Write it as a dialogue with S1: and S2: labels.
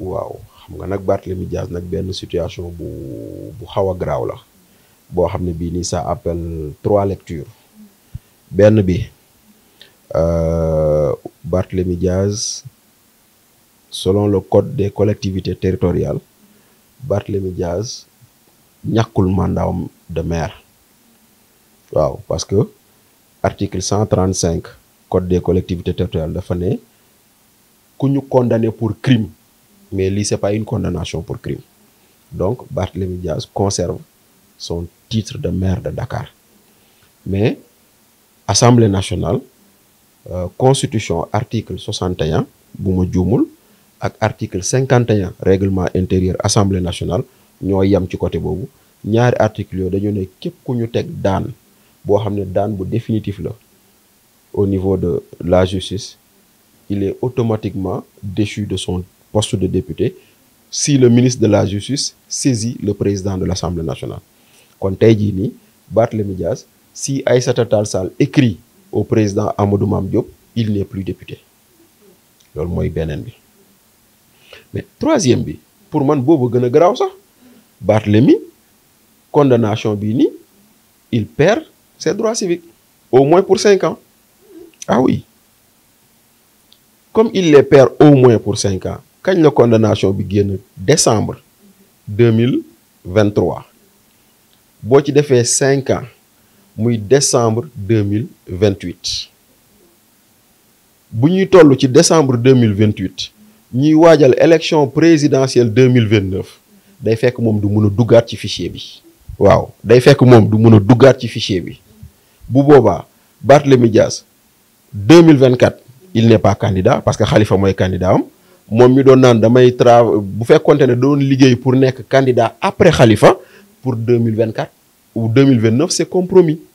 S1: waaw xam nga nag Barthélemy Dias nag benn situation bu bu xaw a garaaw la boo xam ne bii nii ça appelle trois lectures benn bi euh, Barthélemy Dias selon le code des collectivités territoriales Barthélemy Dias ñàkkul mandatam de maire waaw parce que article cent trente cinq code des collectivité territoriales dafa ne ku ñu condamné pour crime mais ce c'est pas une condamnation pour crime donc Barthélémy Diaz conserve son titre de maire de Dakar mais Assemblée nationale euh, constitution article 61 Boumou Djumul, article 51 règlement intérieur Assemblée nationale ñoo yam ci côté ñaari article yooyu dañoo définitif au niveau de la justice il est automatiquement déchu de son poste de député si le ministre de la justice saisit le président de l'Assemblée nationale Quand ni jii Diaz, si Aïssata Tall écrit au président Amadou mambio, il n'est plus député bi mais troisième pour moi, vous gën grave. ça, sax condamnation bi il perd ses droits civiques au moins pour cinq ans ah oui comme il les perd au moins pour cinq ans quand la condamnation bi décembre 2023. mille fait 5 ans décembre 2028. Si vingt huit décembre 2028, nous élection présidentielle 2029. nous day fait du nous fichier fichier il n'est pas candidat parce que Khalifa est candidat moom damay bu doon pour candidat après Khalifa pour 2024 ou 2029, c'est compromis